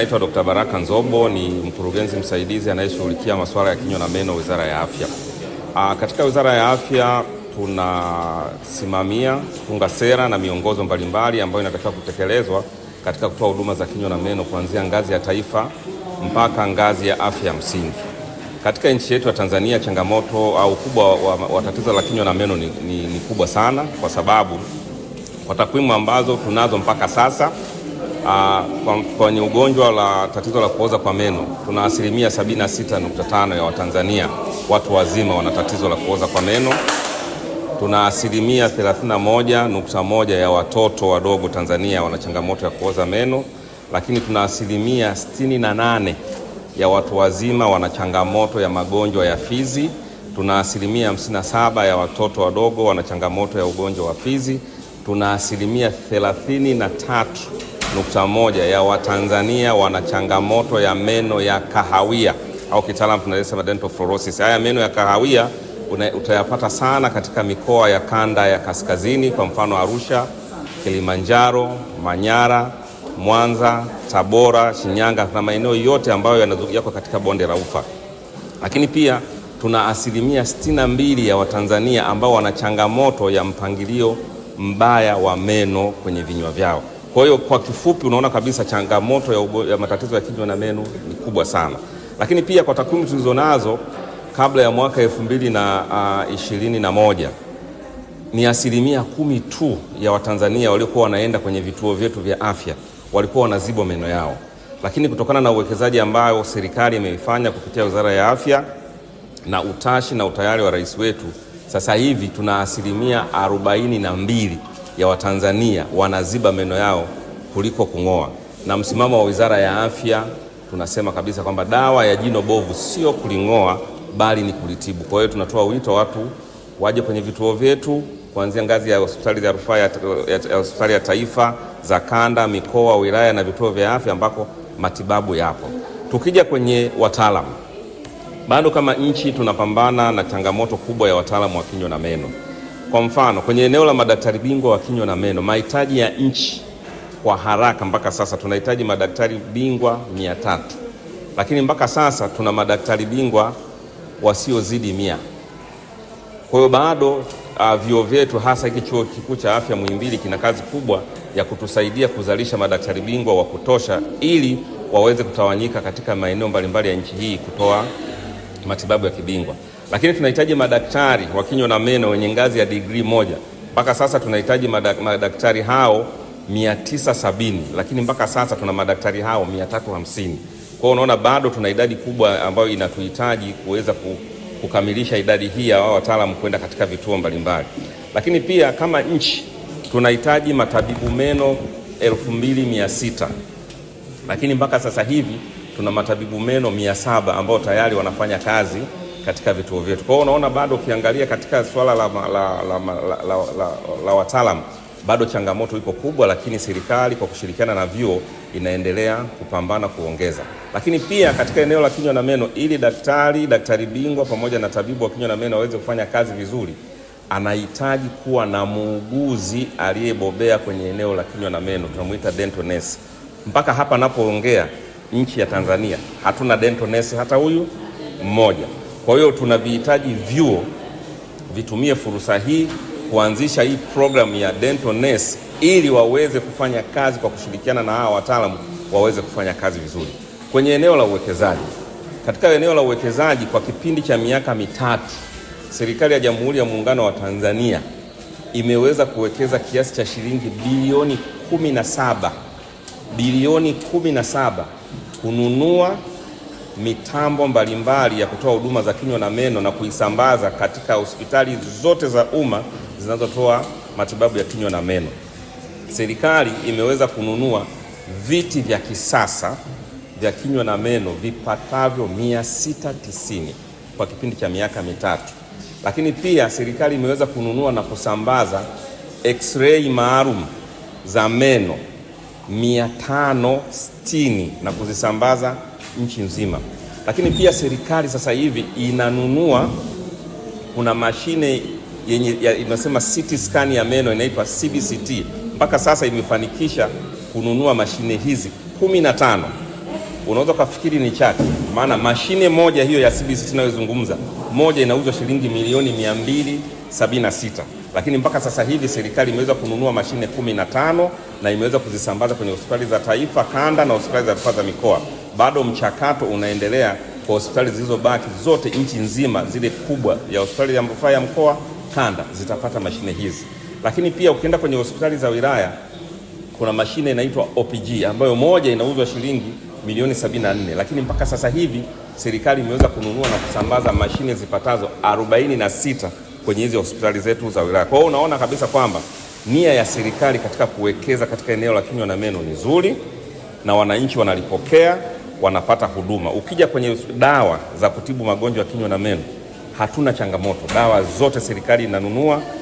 Naitwa Dr. Baraka Nzobo ni mkurugenzi msaidizi anayeshughulikia masuala ya kinywa na meno Wizara ya Afya. Aa, ah, katika Wizara ya Afya tunasimamia kutunga sera na miongozo mbalimbali ambayo inatakiwa kutekelezwa katika kutoa huduma za kinywa na meno kuanzia ngazi ya taifa mpaka ngazi ya afya msingi. Katika nchi yetu ya Tanzania changamoto au kubwa wa, wa tatizo la kinywa na meno ni, ni, ni kubwa sana kwa sababu kwa takwimu ambazo tunazo mpaka sasa Ah, kwa, kwenye ugonjwa la tatizo la kuoza kwa meno tuna asilimia 76.5 ya Watanzania watu wazima wana tatizo la kuoza kwa meno. Tuna asilimia 31.1 ya watoto wadogo Tanzania wana changamoto ya kuoza meno, lakini tuna asilimia 68 ya watu wazima wana changamoto ya magonjwa ya fizi. Tuna asilimia 57 ya watoto wadogo wana changamoto ya ugonjwa wa fizi. Tuna asilimia tatu nukta moja ya Watanzania wana changamoto ya meno ya kahawia au kitaalamu tunasema dental fluorosis. Haya meno ya kahawia una, utayapata sana katika mikoa ya kanda ya kaskazini, kwa mfano Arusha, Kilimanjaro, Manyara, Mwanza, Tabora, Shinyanga na maeneo yote ambayo yako katika bonde la Ufa. Lakini pia tuna asilimia sitini na mbili ya Watanzania ambao wana changamoto ya mpangilio mbaya wa meno kwenye vinywa vyao. Kwa hiyo kwa kifupi, unaona kabisa changamoto ya, ya matatizo ya kinywa na meno ni kubwa sana, lakini pia kwa takwimu tulizonazo kabla ya mwaka elfu mbili na ah, ishirini na moja ni asilimia kumi tu ya Watanzania waliokuwa wanaenda kwenye vituo vyetu vya afya walikuwa wanazibwa meno yao, lakini kutokana na uwekezaji ambao serikali imeifanya kupitia Wizara ya Afya na utashi na utayari wa rais wetu, sasa hivi tuna asilimia arobaini na mbili ya Watanzania wanaziba meno yao kuliko kung'oa. Na msimamo wa Wizara ya Afya tunasema kabisa kwamba dawa ya jino bovu sio kuling'oa, bali ni kulitibu. Kwa hiyo tunatoa wito watu waje kwenye vituo vyetu kuanzia ngazi ya hospitali za rufaa ya, ya hospitali ya taifa za kanda, mikoa, wilaya na vituo vya afya ambako matibabu yapo. Tukija kwenye wataalamu, bado kama nchi tunapambana na changamoto kubwa ya wataalamu wa kinywa na meno. Kwa mfano kwenye eneo la madaktari bingwa wa kinywa na meno, mahitaji ya nchi kwa haraka, mpaka sasa tunahitaji madaktari bingwa mia tatu lakini mpaka sasa tuna madaktari bingwa wasiozidi mia. Kwa hiyo bado uh, vyuo vyetu hasa hiki chuo kikuu cha afya Muhimbili kina kazi kubwa ya kutusaidia kuzalisha madaktari bingwa wa kutosha ili waweze kutawanyika katika maeneo mbalimbali ya nchi hii kutoa matibabu ya kibingwa lakini tunahitaji madaktari wa kinywa na meno wenye ngazi ya digrii moja. Mpaka sasa tunahitaji madaktari hao 970 lakini mpaka sasa tuna madaktari hao 350. Kwa hiyo unaona bado tuna idadi kubwa ambayo inatuhitaji kuweza kukamilisha idadi hii ya wao wataalamu kwenda katika vituo mbalimbali, lakini pia kama nchi tunahitaji matabibu meno 2600 lakini mpaka sasa hivi tuna matabibu meno 700 ambao tayari wanafanya kazi katika vituo vyetu. Kwa hiyo unaona bado ukiangalia katika swala la, la, la, la, la, la, la, la wataalamu bado changamoto iko kubwa, lakini serikali kwa kushirikiana na vyuo inaendelea kupambana kuongeza. Lakini pia katika eneo la kinywa na meno, ili daktari daktari bingwa pamoja na tabibu wa kinywa na meno waweze kufanya kazi vizuri, anahitaji kuwa na muuguzi aliyebobea kwenye eneo la kinywa na meno, tunamuita dental nurse. Mpaka hapa napoongea, nchi ya Tanzania hatuna dental nurse hata huyu mmoja. Kwa hiyo tunavihitaji vyuo vitumie fursa hii kuanzisha hii programu ya dental nurse ili waweze kufanya kazi kwa kushirikiana na hawa wataalamu waweze kufanya kazi vizuri kwenye eneo la uwekezaji. Katika eneo la uwekezaji, kwa kipindi cha miaka mitatu, serikali ya Jamhuri ya Muungano wa Tanzania imeweza kuwekeza kiasi cha shilingi bilioni 17 bilioni 17 kununua mitambo mbalimbali ya kutoa huduma za kinywa na meno na kuisambaza katika hospitali zote za umma zinazotoa matibabu ya kinywa na meno. Serikali imeweza kununua viti vya kisasa vya kinywa na meno vipatavyo 690 kwa kipindi cha miaka mitatu, lakini pia serikali imeweza kununua na kusambaza x-ray maalum za meno 560 na kuzisambaza nchi nzima. Lakini pia serikali sasa hivi inanunua, kuna mashine yenye inasema CT scan ya meno inaitwa CBCT. Mpaka sasa imefanikisha kununua mashine hizi 15. Unaweza ukafikiri ni chache, maana mashine moja hiyo ya CBCT inayozungumza moja inauzwa shilingi milioni 276 lakini mpaka sasa hivi serikali imeweza kununua mashine kumi na tano na imeweza kuzisambaza kwenye hospitali za taifa kanda na hospitali za rufaa za mikoa. Bado mchakato unaendelea kwa hospitali zilizobaki zote nchi nzima, zile kubwa ya hospitali ya rufaa ya mkoa, kanda zitapata mashine hizi. Lakini pia ukienda kwenye hospitali za wilaya kuna mashine inaitwa OPG ambayo moja inauzwa shilingi milioni 74, lakini mpaka sasa hivi serikali imeweza kununua na kusambaza mashine zipatazo 46 kwenye hizi hospitali zetu za wilaya. Kwa hiyo unaona kabisa kwamba nia ya serikali katika kuwekeza katika eneo la kinywa na meno ni nzuri na wananchi wanalipokea, wanapata huduma. Ukija kwenye dawa za kutibu magonjwa ya kinywa na meno, hatuna changamoto. Dawa zote serikali inanunua.